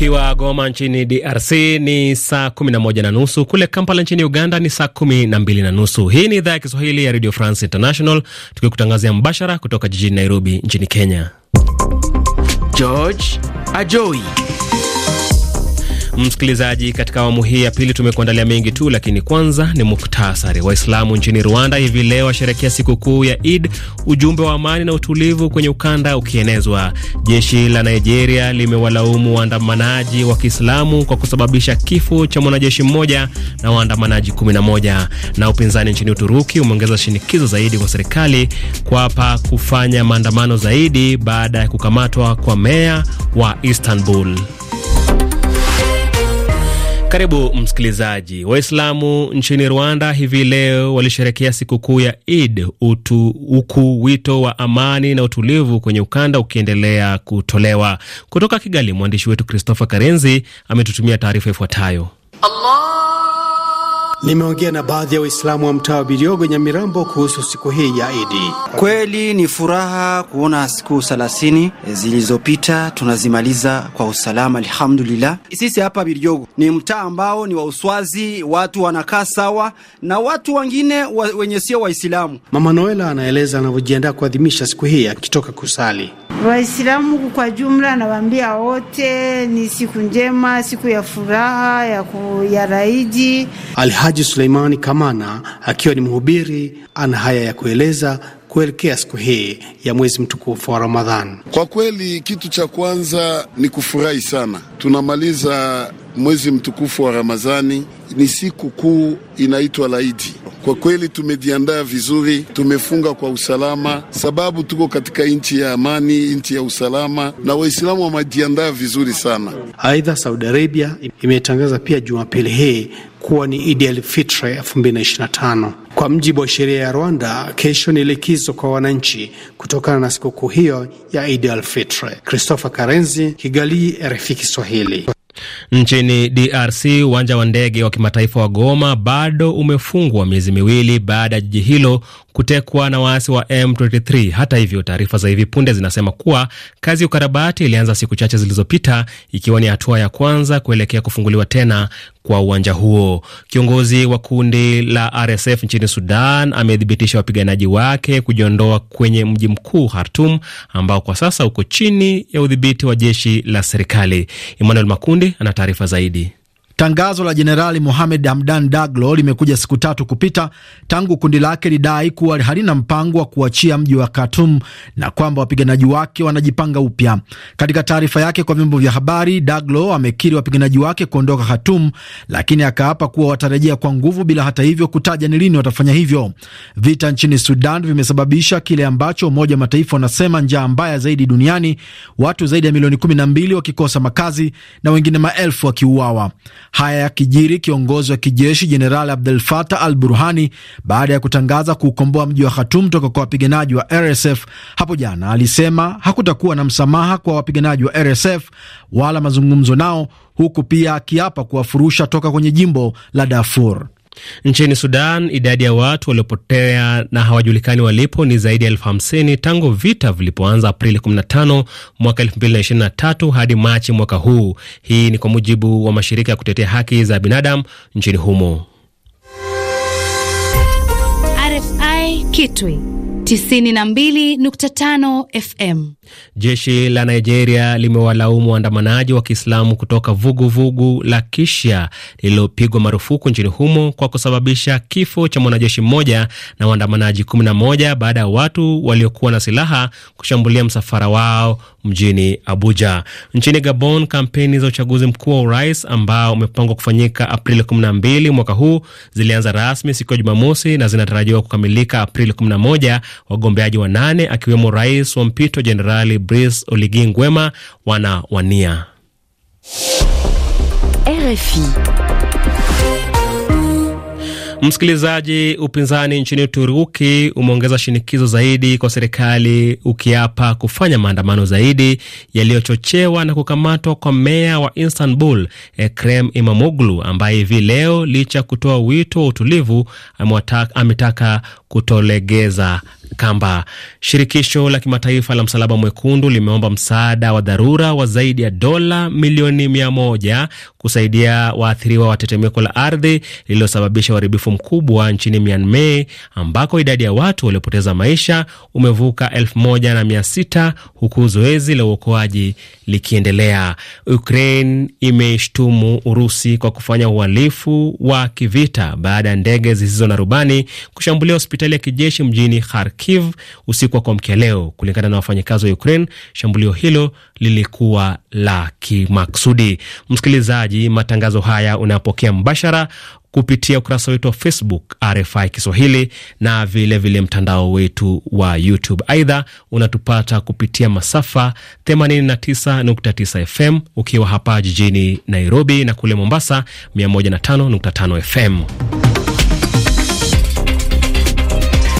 ukiwa Goma nchini DRC ni saa kumi na moja na nusu kule Kampala nchini Uganda ni saa kumi na mbili na nusu Hii ni idhaa ya Kiswahili ya Radio France International tukikutangazia mbashara kutoka jijini Nairobi nchini Kenya. George Ajoi Msikilizaji, katika awamu hii ya pili tumekuandalia mengi tu, lakini kwanza ni muktasari. Waislamu nchini Rwanda hivi leo washerekea sikukuu ya id ujumbe wa amani na utulivu kwenye ukanda ukienezwa. Jeshi la Nigeria limewalaumu waandamanaji wa Kiislamu kwa kusababisha kifo cha mwanajeshi mmoja na waandamanaji 11. Na upinzani nchini Uturuki umeongeza shinikizo zaidi kwa serikali kuapa kufanya maandamano zaidi baada ya kukamatwa kwa meya wa Istanbul. Karibu msikilizaji. Waislamu nchini Rwanda hivi leo walisherekea sikukuu ya id huku wito wa amani na utulivu kwenye ukanda ukiendelea kutolewa. Kutoka Kigali, mwandishi wetu Christopher Karenzi ametutumia taarifa ifuatayo. Allah Nimeongea na baadhi ya Waislamu wa mtaa wa Biriogo Nyamirambo kuhusu siku hii ya Idi. Kweli ni furaha kuona siku thelathini eh, zilizopita tunazimaliza kwa usalama, alhamdulillah. Sisi hapa Biriogo ni mtaa ambao ni wa uswazi, watu wanakaa sawa na watu wengine wa, wenye sio Waislamu. Mama Noela anaeleza anavyojiandaa kuadhimisha siku hii akitoka kusali. Waislamu kwa jumla, nawaambia wote ni siku njema, siku ya furaha ya, ya Alhaji Suleimani Kamana akiwa ni mhubiri ana haya ya kueleza kuelekea siku hii ya mwezi mtukufu wa Ramadhani. Kwa kweli, kitu cha kwanza ni kufurahi sana, tunamaliza mwezi mtukufu wa Ramadhani. Ni siku kuu inaitwa Laidi. Kwa kweli tumejiandaa vizuri, tumefunga kwa usalama, sababu tuko katika nchi ya amani, nchi ya usalama, na Waislamu wamejiandaa vizuri sana. Aidha, Saudi Arabia imetangaza pia Jumapili hii kuwa ni Idi alfitre 2025. Kwa mjibu wa sheria ya Rwanda, kesho ni likizo kwa wananchi kutokana na sikukuu hiyo ya Idi al Christopher Karenzi, Kigali, RFI Kiswahili. Nchini DRC, uwanja wa ndege wa kimataifa wa Goma bado umefungwa miezi miwili baada ya jiji hilo kutekwa na waasi wa M23. Hata hivyo, taarifa za hivi punde zinasema kuwa kazi ya ukarabati ilianza siku chache zilizopita, ikiwa ni hatua ya kwanza kuelekea kufunguliwa tena kwa uwanja huo. Kiongozi wa kundi la RSF nchini Sudan amethibitisha wapiganaji wake kujiondoa kwenye mji mkuu hartum ambao kwa sasa uko chini ya udhibiti wa jeshi la serikali. Emmanuel Makundi Shomari ana taarifa zaidi. Tangazo la Jenerali Mohamed Hamdan Daglo limekuja siku tatu kupita tangu kundi lake lidai kuwa halina mpango wa kuachia mji wa Khartoum na kwamba wapiganaji wake wanajipanga upya. Katika taarifa yake kwa vyombo vya habari, Daglo amekiri wapiganaji wake kuondoka Khartoum, lakini akaapa kuwa watarejea kwa nguvu, bila hata hivyo kutaja ni lini watafanya hivyo. Vita nchini Sudan vimesababisha kile ambacho Umoja wa Mataifa wanasema njaa mbaya zaidi duniani, watu zaidi ya milioni 12 wakikosa makazi na wengine maelfu wakiuawa. Haya yakijiri kiongozi wa kijeshi Jenerali Abdel Fattah al Burhani, baada ya kutangaza kuukomboa mji wa Khartoum toka kwa wapiganaji wa RSF hapo jana, alisema hakutakuwa na msamaha kwa wapiganaji wa RSF wala mazungumzo nao, huku pia akiapa kuwafurusha toka kwenye jimbo la Darfur. Nchini Sudan, idadi ya watu waliopotea na hawajulikani walipo ni zaidi ya elfu hamsini tangu vita vilipoanza Aprili 15 mwaka 2023 hadi Machi mwaka huu. Hii ni kwa mujibu wa mashirika ya kutetea haki za binadamu nchini humo. RFI 92.5 FM. Jeshi la Nigeria limewalaumu waandamanaji wa Kiislamu kutoka vuguvugu vugu la Kishia lililopigwa marufuku nchini humo kwa kusababisha kifo cha mwanajeshi mmoja na waandamanaji 11 baada ya watu waliokuwa na silaha kushambulia msafara wao mjini Abuja. Nchini Gabon, kampeni za uchaguzi mkuu wa urais ambao umepangwa kufanyika Aprili 12 mwaka huu zilianza rasmi siku ya Jumamosi na zinatarajiwa kukamilika Aprili 11. Wagombeaji wanane akiwemo rais wa mpito jenerali Kanali Brice Oligi Ngwema wanawania. RFI Msikilizaji, upinzani nchini Uturuki umeongeza shinikizo zaidi kwa serikali ukiapa kufanya maandamano zaidi yaliyochochewa na kukamatwa kwa meya wa Istanbul Ekrem Imamoglu, ambaye hivi leo licha ya kutoa wito wa utulivu ametaka kutolegeza kamba. Shirikisho la kimataifa la Msalaba Mwekundu limeomba msaada wa dharura wa zaidi ya dola milioni mia moja kusaidia waathiriwa wa tetemeko la ardhi lililosababisha uharibifu mkubwa nchini Myanmar, ambako idadi ya watu waliopoteza maisha umevuka elfu moja na mia sita huku zoezi la uokoaji likiendelea. Ukraine imeshtumu Urusi kwa kufanya uhalifu wa kivita baada ya ndege zisizo na rubani kushambulia hospitali ya kijeshi mjini Kharkiv. Kiev usiku wa kuamkia leo. Kulingana na wafanyakazi wa Ukraine, shambulio hilo lilikuwa la kimaksudi. Msikilizaji, matangazo haya unayopokea mbashara kupitia ukurasa wetu wa Facebook RFI Kiswahili na vilevile vile mtandao wetu wa YouTube. Aidha, unatupata kupitia masafa 89.9 FM ukiwa hapa jijini Nairobi na kule Mombasa 105.5 FM.